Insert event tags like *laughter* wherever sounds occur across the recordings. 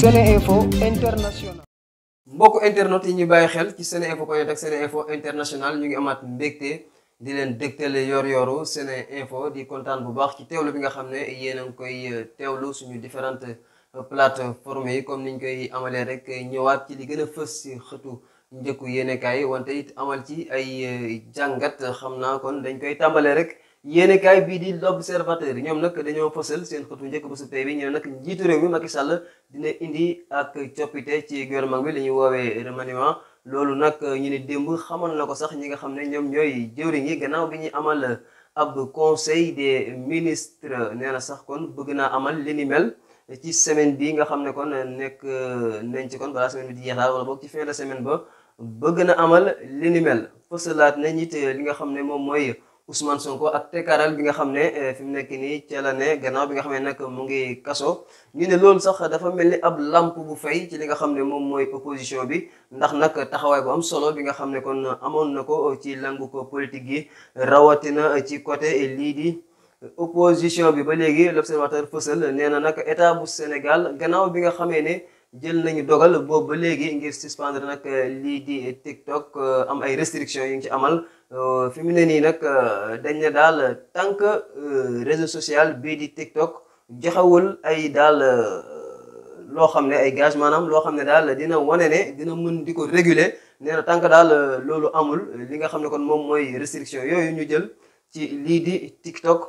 Sene Info mbokk internet yi ñu bàyyi xel ci Sene Info point ak Sene Info International ñu ngi amaat mbégte di leen dégtale yor-yoru Sene Info di kontaan bu baax ci teewlu bi nga xam ne yéen a ngi koy euh, teewlu suñu différentes euh, plateformes yi comme niñ koy amalee rek ñëwaat ci li gën a fës si xëtu njëkku yéenekaay wante it amal ci ay euh, jàngat xam naa kon dañ koy tàmbalee rek. yéene yéenekaay bii di l'observateur ñoom nag dañoo fësal seen xëtu njëkk ba su tey bi ñoom nag njiitu réew mi Macky Sall dina indi ak coppite ci gouvernement bi la ñuy woowee remaniement loolu nag ñu ne démb xamal na ko sax ñi nga xam ne ñoom ñooy jëwriñ yi gannaaw bi ñuy amal ab conseil des ministres nee na sax kon bëgg naa amal li ci semaine bi nga xam ne kon nekk nañ ci kon balaa semaine bi di jeex daal wala boog ci fin de semaine ba bëgg na amal li ni mel fësalaat nañ it li nga xam ne moom mooy Ousmane Sonko ak tekkaaral bi nga xam ne eh, fi mu nekk nii ca la ne gannaaw bi nga xam ne nag mu ngi kaso ñu ne loolu sax dafa mel ni ab lamp bu fay ci li nga xam ne moom mooy opposition bi ndax nag taxawaay bu am solo bi nga xam ne kon amoon na ko ci langu ko politique yi rawatina ci côté lii di opposition bi ba léegi l'observateur fësal nee na nag état bu Sénégal gannaaw bi nga xamee ne jël nañu dogal boobu ba léegi ngir suspendre nag eh, lii di TikTok eh, am ay restrictions yi ngi ci amal. fi mu ne nii nag euh, dañ ne daal euh, tant que euh, réseau social bii di TikTok joxewul ay daal loo xam ne ay gage maanaam loo xam ne daal dina wane ne dina mën di ko réguler nee na daal loolu amul li nga xam ne kon moom mooy restriction yooyu ñu jël ci lii di TikTok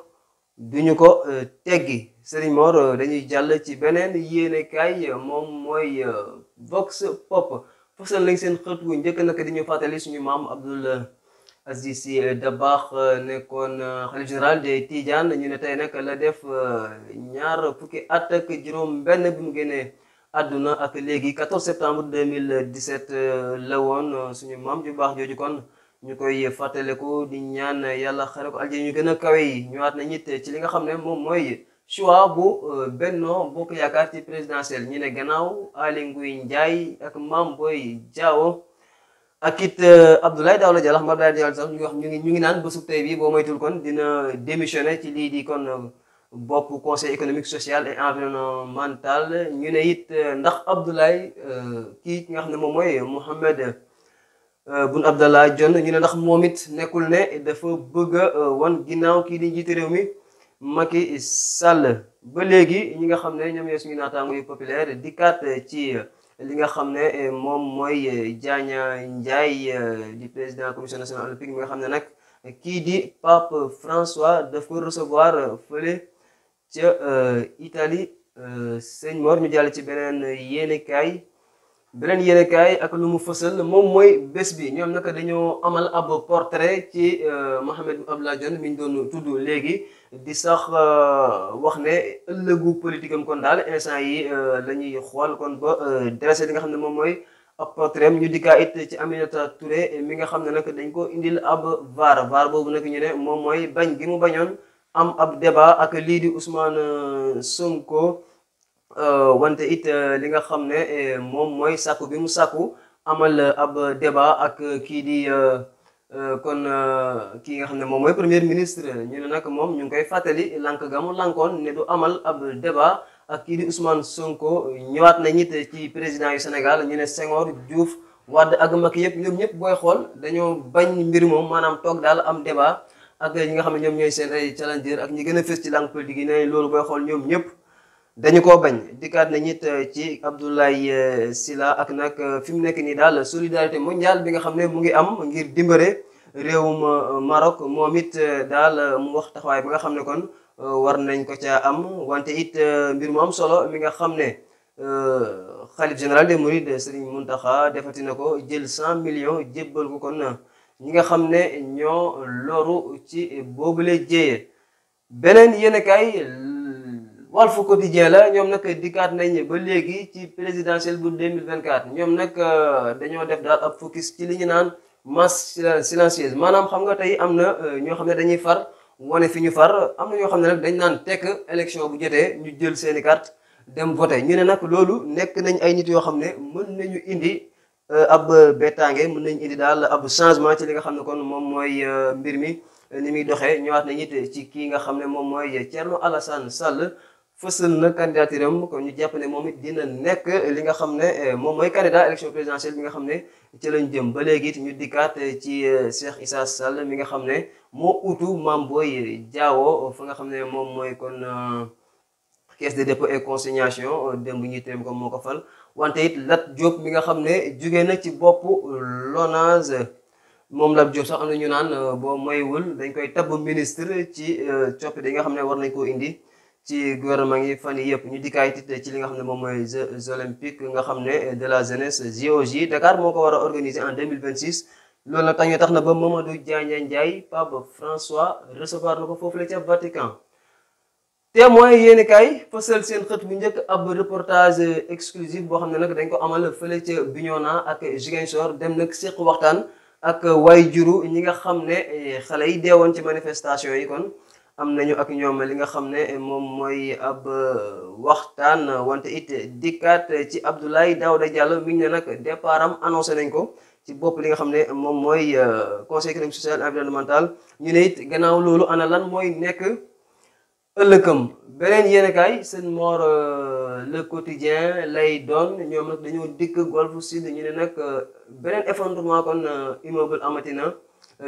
ñu ko teggi Serigne Mor dañuy jàll ci beneen yéenekaay moom mooy Vox Pop fasal lañ seen xët wu njëkk nag di ñu fàttali suñu maam Abdoul Aziz Sy euh, baax euh, nekkoon euh, xalif général de Tidiane ñu ne tey nag la def ñaar fukki at ak juróom mbenn bi mu génnee adduna ak léegi 14 septembre mille 2017 la woon suñu maam ju baax jooju kon ñu koy ko di ñaan yàlla xare ko aljana ñu gën a kawe yi ñëwaat nañ it ci li nga xam ne moom mooy choix bu Benno Bokk Yaakaar ci présidentielle ñu ne gannaaw Aly Ngouille Ndiaye ak Mame booy Diao. ak it euh, Abdoulaye Daouda Diallo xam nga Abdoulaye Diallo sax ñu ngi ñu ngi ñu ngi naan bésub tey bii boo moytul kon dina démissionné ci lii di kon euh, bopp conseil économique social et environnemental ñu ne it euh, ndax Abdoulaye kii nga xam ne moom mooy Mohamed Boun Abdallah Dionne ñu ne ndax moom it nekkul ne dafa bëgg a wan ginnaaw kii di jiite réew mi Macky Sall ba léegi ñi nga xam ne ñoom ñooy suñu naataango yu di dikkaat ci. li nga xam ne eh, moom mooy eh, Diagna Ndiaye eh, di président commission nationale olympique mi nga xam ne nag kii di Pape François daf ko recevoir fële ca Italie sëñ Mor ñu jàll ci beneen yéenekaay beneen yéenekaay ak lu mu fësal moom mooy bés bi ñoom naka dañoo amal ab portrait ci euh, Mahammed Abdallah Dionne mi ñu doon tudd léegi di sax euh, wax ne ëllëgu politique am kon daal instant yi euh, la ñuy xool kon ba dressé li nga xam ne moom mooy ab portrait am ñu dikkaa it ci Aminata Touré mi nga xam ne nag dañ ko indil ab vaar vaar boobu nag ñu ne moom mooy bañ gi mu bañoon am ab débat ak lii di Ousmane ko Euh, wante it euh, li nga xam ne euh, moom mooy sàkku bi mu sàkku amal ab débat ak kii di kon kii nga xam ne moom mooy premier ministre ñu ne nag moom ñu ngi koy fàttali lànk ga mu lànkoon ne du amal ab débat ak kii di Ousmane Sonko ñëwaat nañ ñit ci président yu Sénégal ñu ne Senghor juuf Wade ak Macky yëpp ñoom ñëpp booy xool dañoo bañ mbir moom maanaam toog daal am débat ak ñi nga xam ne ñoom ñooy seen ay challenger ak ñi gën a fës ci lànk politique yi ne loolu booy xool ñoom ñëpp dañu ko bañ dikkaat na it euh, ci Abdoulaye euh, Sylla ak nag euh, fi mu nekk nii daal solidarité mondiale bi nga xam ne mu ngi am ngir dimbale réewum Maroc moom it daal mu wax taxawaay bi nga xam ne kon war nañ ko ca am wante it mbir mu am solo mi nga xam ne xalif général des mourides Serigne Mountakha defati na ko jël cent millions jébbal ko kon ñi nga xam ne ñoo loru ci boobule jéeye beneen yéenekaay Walf Quotidien la ñoom nag dikkaat nañ ba léegi ci présidentielle bu 2024 ñoom nag euh, dañoo def daal ab focus ci li ñu naan masse silencieuse maanaam xam nga tey am na euh, ñoo xam ne dañuy far wane fi ñu far am na ñoo xam ne nag dañ naan tekk élection bu jotee ñu jël seeni carte dem voté ñu ne nag loolu nekk nañ ay nit yoo xam ne mën nañu indi euh, ab bettaange mën nañu indi daal ab changement ci li nga xam ne kon moom mooy mbir mi ni muy doxee ñëwaat nañ it ci kii nga xam ne moom mooy Thierno Alassane Sall fësal na candidature am kon ñu jàpp ne moom it dina nekk li nga xam ne eh, moom mooy candidat élection présidentielle bi nga xam ne ci lañ jëm ba léegi it ñu dikkaat eh, ci eh, Cheikh Issa Sall mi nga xam ne moo utu Mame Boye Diao fa nga xam ne moom mooy kon caisse de dépôt et consignation démb ñuy téem ko moo ko fal wante it Lat Diop mi nga xam ne jugee na ci bopp LONASE moom Lat Diop sax am na ñu naan boo moywul dañ koy tabb ministre ci coppite yi nga xam ne war nañ koo indi ci gouvernement yi fan yi yëpp ñu dikkaay tit ci li nga xam ne moom mooy jeux nga xam ne de la jeunesse JOJ Dakar moo ko war a organiser en 2026 loolu nag tax na ba Mamadou Diagne Ndiaye Pape François recevoir na ko foofu la ca Vatican témoin yéeni kaay fësal seen xët bu njëkk ab reportage exclusif boo xam ne nag dañ ko amal fële ca Bignona ak Ziguinchor dem nag séq waxtaan ak waay juru ñi nga xam ne xale yi deewoon ci manifestation yi kon am nañu ak ñoom li nga xam ne moom mooy ab euh, waxtaan wante it dikkaat ci daaw Daouda Diallo mi ñu ne nag départ am nañ ko ci bopp li nga xam ne moom mooy euh, conseil économique social environnemental ñu ne it gannaaw loolu ana lan mooy nekk ëllëgam beneen yéenekaay seen moor euh, le quotidien lay doon ñoom nag dañoo dikk Golf Sud ñu ne nag beneen effondrement kon immeuble amatina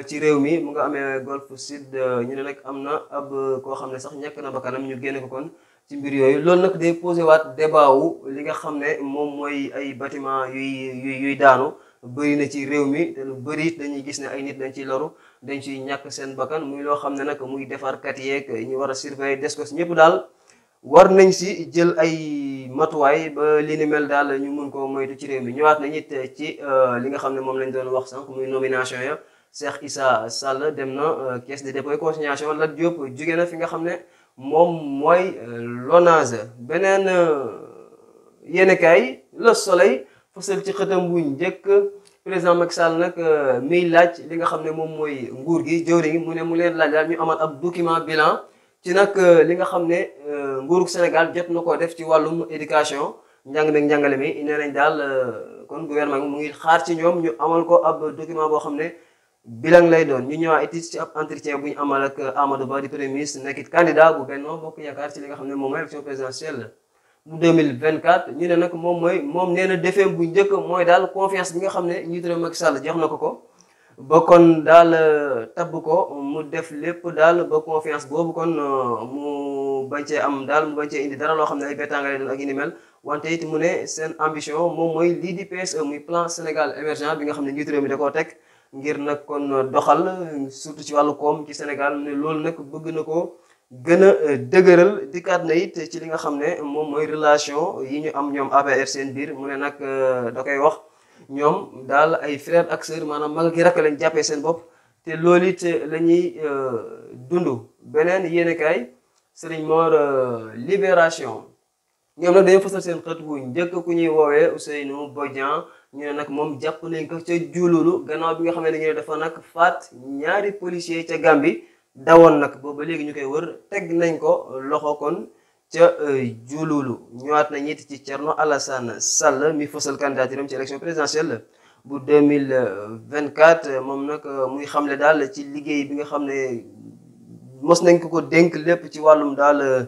ci réew mi mu nga amee Golfe Sud euh, ñu ne nag am na ab euh, koo xam ne sax ñàkk na bakkanam ñu génne ko kon ci mbir yooyu loolu nag day posé waat débat li nga xam ne moom mooy ay bâtiment yuy yuy daanu bëri na ci réew mi te lu bëri dañuy gis ne ay nit dañ ciy loru dañ ciy ñàkk seen bakkan muy loo xam ne nag muy defarkat yeeg ñu war a surveiller des ko ñëpp daal war nañ si jël ay matuwaay ba li ni ñu mun ko moytu ci réew mi ñëwaat nañ it ci euh, li nga xam ne moom lañ doon wax sànq muy nomination ya Cheikh Issa Sall dem na euh, caisse de dépôt et consignation Lat Diop jóge na fi nga xam ne moom mooy euh, Lonase beneen euh, yéenekaay la Soleil fësal ci xëtam bu njëkk président Macky Sall nag miy laaj li nga xam ne moom mooy nguur gi jëwriñ mu ne mu leen laaj daal ñu amal ab document bilan ci nag li nga xam ne nguurug Sénégal jot na koo def ci wàllum éducation njàng meeg njàngale mi nee nañ daal kon gouvernement mu ngi xaar ci ñoom ñu amal ko ab document boo xam ne bilan lay doon ñu ñëwaat it ci ab entretien bu ñu amal ak Amadou Ba di premier ministre nekkit candidat bu Benno Bokk Yaakaar ci li nga xam ne moom mooy élection présidentielle bu ñu ne nag moom mooy moom nee na njëkk mooy daal confiance bi nga xam ne njiitu réew Macky Sall jox na ko ko ba kon daal euh, tabb ko mu def lépp daal ba boobu kon euh, mu cee am daal mu bañ cee indi loo xam ne ay bétaanga lay doon ak yu wante it mu ne seen ambition moom mooy lii di PSE muy plan Sénégal émergent bi nga xam ne njiitu réew mi da koo teg ngir nag kon doxal surtout ci wàllu koom ci Sénégal ne loolu nag bëgg na ko gën a euh, dëgëral dikkaat na it ci li nga xam ne moom mooy relation yi ñu am ñoom APR seen biir mu ne nag euh, da koy wax ñoom daal ay frère ak sœur maanaam mag ki rakk lañ jàppee seen bopp te loolu it euh, la ñuy dund beneen yéenekaay Serigne Mor Libération ñoom nag dañoo fësal seen xët wu njëkk ku ñuy woowee Ousseynou Bodian ñu nag moom jàpp nañ ko ca Diouloulou gannaaw bi nga xam ne dañu ne dafa nag faat ñaari policier ca Gambie dawoon nag booba léegi ñu koy wër teg nañ ko loxo kon ca Diouloulou euh, ñëwaat na it ci Thierno Alassane Sall mi fësal candidature am ci élection présidentielle bu 2024 moom nag euh, muy xam ne daal ci liggéey bi nga xam ne mos nañ ko ko dénk lépp ci wàllum daal euh,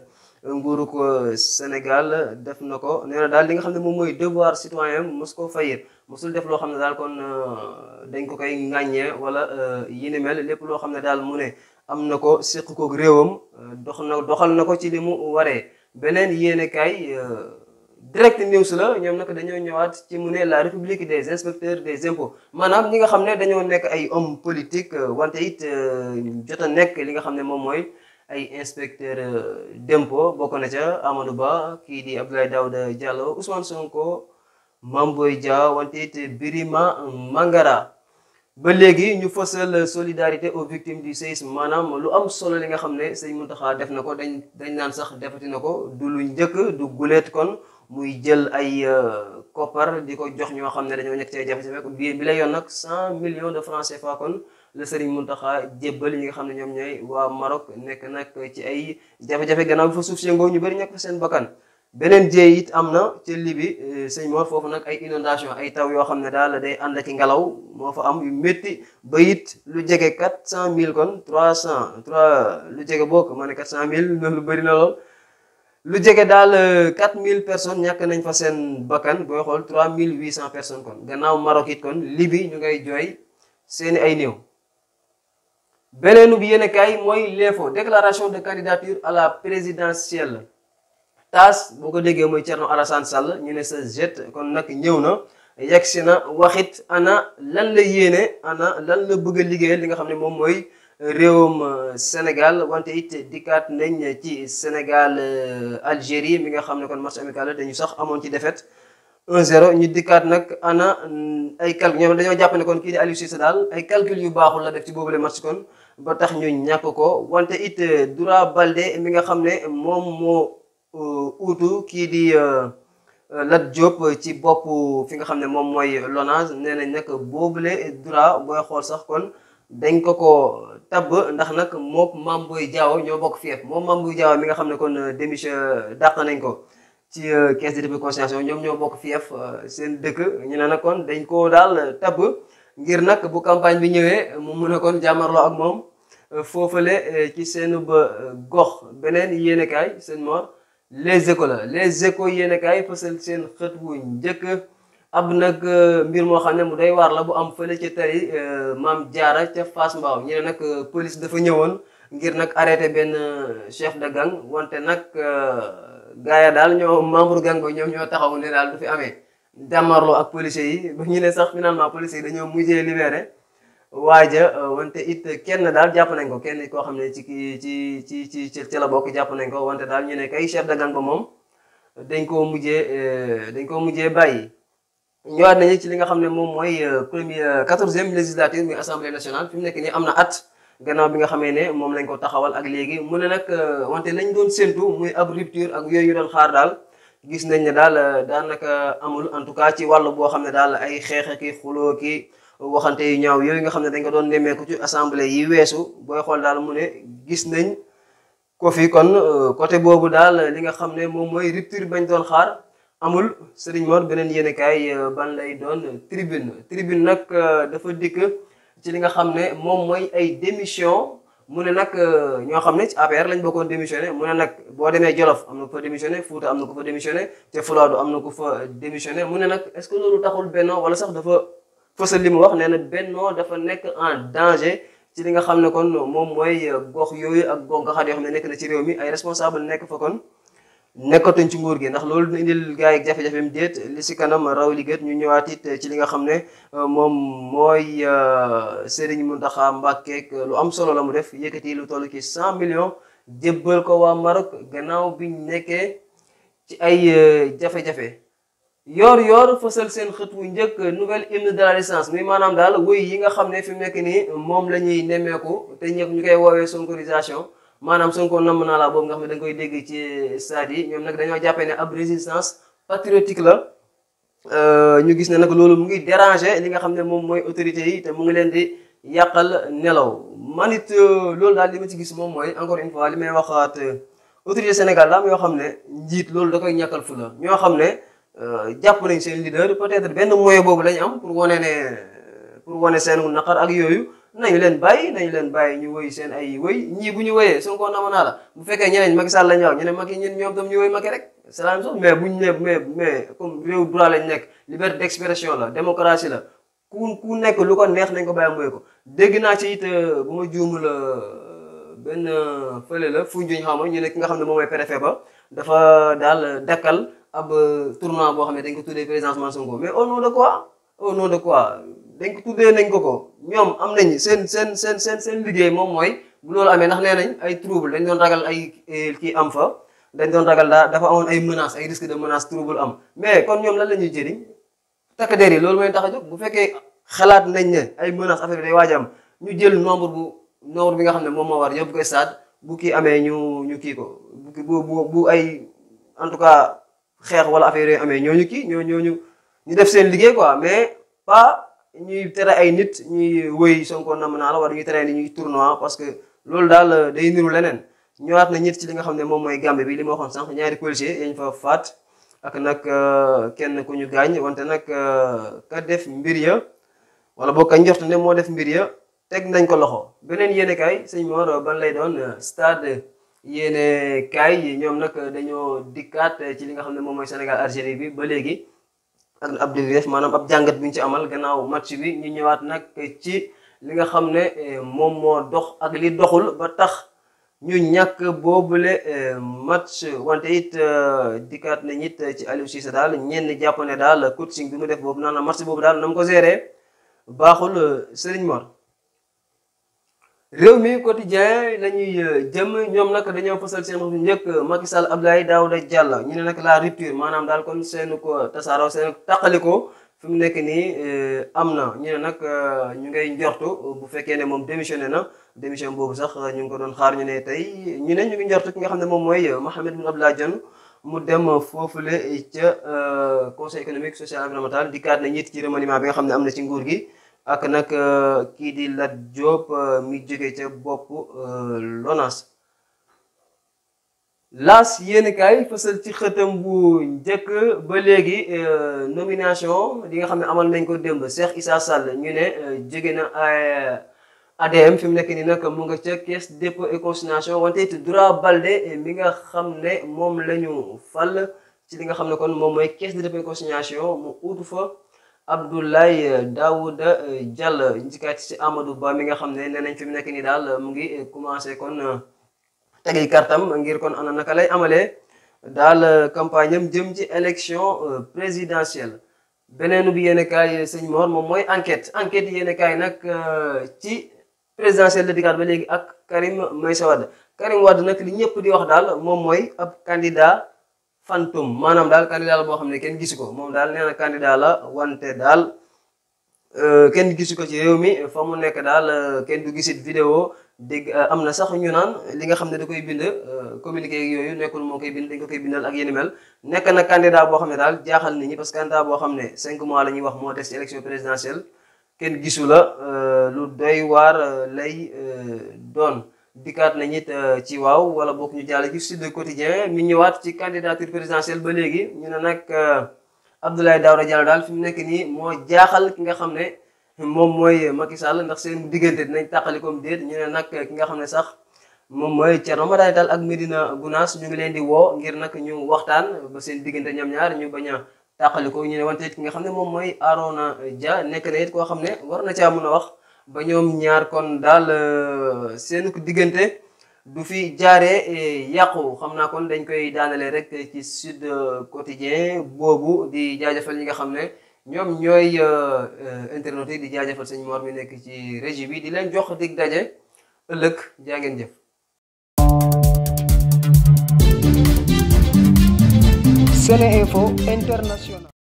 nguuru ko Sénégal def na ko nee na daal li nga xam ne moom mooy devoir citoyen mos ko fayir musul def loo xam ne daal kon euh, dañ ko koy ŋàññee wala euh, yi ni mel lépp loo xam ne daal mu ne am na ko séq koog réewam euh, dox na doxal na ko ci li mu waree beneen yéene kaay direct news la ñoom nag dañoo ñëwaat ci mu ne la république des inspecteurs des impôts maanaam li nga xam ne dañoo nekk ay hommes politique wante it jot a nekk li nga xam ne moom mooy ay inspecteur d'impôt bokk na ca Amadou Ba kii di Abdoulaye Daouda Diallo Ousmane Sonko. Mamboy Dia wante it Birima Mangara ba léegi ñu fësal solidarité aux victimes du séisme maanaam lu am solo li nga xam ne sëñ Mountakha def na ko dañ dañ naan sax defati na ko du lu njëkk du guleet kon muy jël ay euh, koppar di ko jox ñoo xam ne dañoo nekk ci ay jafe-jafe bi bi la nag cent millions de francs CFA kon la sëriñ Mountakha jébbal ñi nga xam ne ñoom ñooy waa Maroc nekk nag ci ay jafe-jafe gannaaw bi fa suuf si yëngoo ñu bëri ñàkk fa seen bakkan beneen jéey it am na ca libi eh, sëñ Mor foofu nag ay inondation ay taw yoo xam ne daal day ànd ak ngelaw moo fa am yu métti ba it lu jege quatre cent mille kon trois cent trois lu jege bokk ma ne quatre cent mille *laughs* lu bëri na lool. lu jege daal eh, quatre mille personnes ñàkk nañ fa seen bakkan booy xool trois mille huit cent personnes kon gannaaw Maroc it kon libi ñu ngay jooy seeni ay néew. beneen bi yéen a kaay mooy l'info déclaration de candidature à la présidentielle. taas boo ko déggee mooy Thierno Alassane Sall ñu ne sa jet kon nag ñëw na yegg si na waxit ana lan la yéene ana lan la bëgg a liggéeyal li nga xam ne moom mooy euh, réewum euh, Sénégal wante it dikkaat nañ ci Sénégal euh, Algérie mi nga xam ne kon match amical la dañu sax amoon ci défaite 1-0 dikkaat nag ana mm, ay calcul ñoom jàpp ne kon kii di Aliou yu baaxul la def ci boobule match ko wante it nga xam ne moom moo. uutu euh, kii di euh, euh, Lat Diop ci bopp fi nga xam ne moom mooy Lonase nee nañ nag boobule droit booy xool sax kon dañ ko ko tabb ndax nag moom Mame Boye Diao ñoo bokk fief moom Mame Boye Diao mi nga xam ne kon démission dàq nañ ko ci caisse de dépôt consignation ñoom ñoo bokk fief seen dëkk ñu ne nag kon dañ koo daal tab ngir nag bu campagne bi ñëwee mu mun a kon jàmmarloo ak moom foofale ci seen ba gox beneen yéenekaay seen mor les écoles la les écoles yéen kaay fësal seen xët wu njëkk ab nag euh, mbir moo xam ne mu doy waar la bu am fële ca tali maam jaara ca Fass Mbao ñu nag euh, police dafa ñëwoon ngir nag arrêté benn euh, chef de gang wante nag gars ya daal ñoo membre gang ba ñoom ñoo taxaw ne daal du fi amee. damarloo ak policiers yi ba ñu ne sax finalement policiers yi dañoo mujjee libéré. waaja euh, wante it kenn daal jàpp nañ ko kenn koo xam ne ci ci ci ci ci la bokk jàpp nañ ko wante daal ñu ne kay chef de gan ba moom dañ koo mujjee euh, dañ koo mujjee bàyyi. ñëwaat nañu ci li nga xam ne moom mooy euh, première quatorzième législature muy assemblée nationale fi mu nekk nii am na at gannaaw bi nga xamee ne moom lañ ko taxawal ak léegi mu ne nag wante lañ doon séntu muy ab rupture ak yooyu doon xaar daal gis nañ ne daal daanaka amul en tout cas ci wàll boo xam ne daal ay xeex ak waxante yu ñaaw yooyu nga xam ne dañ ko doon nemmeeku ci assemblée yi weesu booy xool daal mu ne gis nañ ko fi kon euh, côté boobu daal li nga xam ne moom mooy rupture bañ doon xaar amul sëriñ Mor beneen yéenekaay euh, ban lay doon tribune tribune nag euh, dafa dikk ci li nga xam ne moom mooy ay démission mu ne nag ñoo xam ne ci lañ lañ bokkoon démissionné mu ne nag boo demee Jolof am na ko fa démissionné Fuuta am na ko fa démissionné te Fuladu am na ko fa démissionné mu fësal li mu wax nee na bennoo dafa nekk en danger ci li nga xam ne kon moom mooy gox yooyu ak gox nga xam yoo xam ne nekk na ci réew mi ay responsable nekk fa kon nekkatuñ ci nguur gi ndax loolu dina indil gars yi jafe-jafeem si kanam raw li gët ñëwaat it ci li nga xam ne euh, moom mooy euh, Serigne Mountakha Mbacké lu am solo la mu def yëkkati lu toll ci cent millions jébbal ko waa Maroc gannaaw biñ nekkee ci ay euh, jafe-jafe. yoor yoor fësal seen xët wu njëkk nouvelle hymne de la Renaissance muy maanaam daal wuy yi nga xam ne fi mu nekk nii moom la ñuy nemmeeku te ñëpp ñu koy woowee sonkorisation maanaam Sonko namm naa la boobu nga xam ne dañ koy dégg ci stade yi ñoom nag dañoo jàppee ne ab sance patriotique la euh, ñu gis ne nag loolu mu ngi déranger li nga xam ne moom mooy autorité yi te mu ngi leen di yàqal nelaw man it euh, loolu daal li ma ci gis moom mooy encore une fois li may waxaat euh, yoo xam ne njiit loolu da koy ñàkkal fu ñoo xam ne jàpp nañ seen leader peut benn moyen boobu lañ am pour wane ne pour wone seen seenu naqar ak yooyu nañu leen bàyyi nañu leen bàyyi ñu woy seen ay woy ñii bu ñu woyee suñu ko nama naa la bu fekkee ñeneen Macky Sall lañu wax ñu ne Macky ñun ñoom tam ñu rek c'est la même chose mais buñ ne mais mais comme réew droit lañ nekk liberté d'expression la démocratie la ku ku nekk lu ko neex nañ ko bàyyi mooy ko dégg naa ci it euh, bu ma juumul euh, benn fële la fu ñu xama ñu ne ki nga xam ne moom mooy préfet ba dafa daal dakkal ab euh, tournoi boo xam ne dañ ko tuddee présidence Mansour Sonko mais o nom de quoi au nom de quoi dañ ko tuddee nañ ko ko ñoom am nañ seen seen seen seen seen liggéey moom mooy bu loolu amee ndax nee nañ ay trouble dañ doon ragal ay eh, kii am fa dañ doon ragal daal dafa amoon ay menaces ay risque de menace trouble am mais kon ñoom lan la ñuy jëriñ takk der yi loolu mooy tax a jóg bu fekkee xalaat nañ ne ay menaces affaire bi day waaj am ñu jël nombre bu nombre bi nga xam ne moom moo war yóbbu ko stade bu kii amee ñu ñu kii ko bu bu bu ay en tout cas. xeex wala affaire yi amee ñooñu kii ñoo ñooñu ñu def seen liggéey quoi mais pas ñuy tere ay nit ñuy wëy Sonko nam naa la wala ñuy tere ni ñuy tournoi parce que loolu daal euh, day niru leneen ñëwaat na ñit ci li nga xam ne moom mooy Gambie bi li ma waxoon sànq ñaari policier yañ fa faat ak nag euh, kenn ku ñu gaañ wante nag euh, ka def mbir ya wala boo ka njort ne moo def mbir ya teg nañ ko loxo beneen yéene kaay sëñ Mor ban lay doon stade yéene kaay yi ñoom nag dañoo dikkaat ci li nga xam ne moom mooy Sénégal Algérie bi ba léegi ak ab def maanaam ab jàngat bi ñu ci amal gannaaw match bi ñu ñëwaat nag ci li nga xam ne eh, moom moo dox ak li doxul ba tax ñu ñàkk boobule eh, match wante it eh, dikkaat nañ it ci Aliou daal ñeen jàpp ne daal coaching bi mu def boobu naan match boobu daal na mu ko géré baaxul Serigne Mor. réew mi quotidien la ñuy euh, jëm ñoom nag dañoo fësal seen bopp njëkk Macky Sall Abdoulaye Daouda Diallo ñu ne nag la rupture maanaam daal kon seen ko tasaaroo seen taqaliko fi mu nekk nii euh, am na ñu ne nag euh, ñu ngay njortu bu fekkee ne moom démissionné na démission boobu sax ñu ngi ko doon xaar ñu tey ñu ne ñu ngi ki nga xam ne moom mooy Mohamed Boun Abdallah Dionne mu dem foofule ca conseil économique social environnemental di kaat na ñiit ci remaniement bi nga xam ne am na ci nguur gi ak nag euh, kii di Lat Diop euh, mi jóge ca bopp euh, LONASE laas yéen kaay fësal ci xëtam bu njëkk ba léegi nomination li nga xam ne amal nañ ko démb Cheikh Issa Sall ñu ne jóge na ADM fi mu nekk nii nag mu nga ca caisse dépôt et consignation wante it Doura Baldé mi nga xam ne moom la fal ci li nga xam ne kon moom mooy kees de dépôt et consignation mu uutu fa. Abdoulaye euh, Daouda euh, Diallo njëkkaat ci Amadou Ba mi nga xam ne nee nañ fi mu nekk nii daal mu ngi euh, commencé kon tegi ngir kon ana naka lay amalee daal campagne am jëm ci élection présidentielle beneen bi yéen a kaay sëñ Mor moom mooy enquête enquête yéen a kaay nag ci présidentielle de dikkaat ba léegi ak Karim Meïssa Wade Karim Wade nag li ñëpp di wax daal moom mooy ab candidat. fantum maanaam daal candidat la boo xam ne kenn gisu ko moom daal nee na candidat la wante daal euh, kenn gisu ko ci réew mi fa mu nekk daal euh, kenn du gisit vidéo dégg euh, am na sax ñu naan li nga xam ne da koy bind communiqué yooyu nekkul moo koy bind dañ ko koy bindaal ak yéni mel nekk na candidat boo xam ne daal jaaxal nañu ñi parce que candidat boo xam ne cinq mois la ñuy wax moo des ci élection présidentielle kenn gisu la lu doy waar lay doon dikkaat nañ it euh, ci waaw wala boog ñu jàll ci Sud Quotidien mi ñëwaat ci candidature présidentielle ba léegi ñu ne nag euh, Abdoulaye Daouda Diallo daal fi mu nekk nii moo jaaxal ki nga xam ne moom mooy Macky Sall ndax seen diggante dinañ tàqali comme ñu ne nag ki nga xam ne sax moom mooy Thierno Madani Tall ak Medina Gounass ñu ngi leen di woo ngir nag ñu waxtaan ba seen diggante ñoom ñaar ñu bañ a tàqali ko ñu ne wante ki nga xam ne moom mooy Arona Dia nekk it koo xam ne war na caa mën a wax. ba ñoom ñaar kon daal euh, seen ko diggante du fi jaaree yàqu xam naa kon dañ koy daanale rek ci sud quotidien boobu di jaajëfal ñi nga xam ne ñoom ñooy euh, euh, internautes yi di jaajëfal sëñ Mor mi nekk ci régie bi di leen jox dig daje ëllëg jaa ngeen jëf. SeneInfo International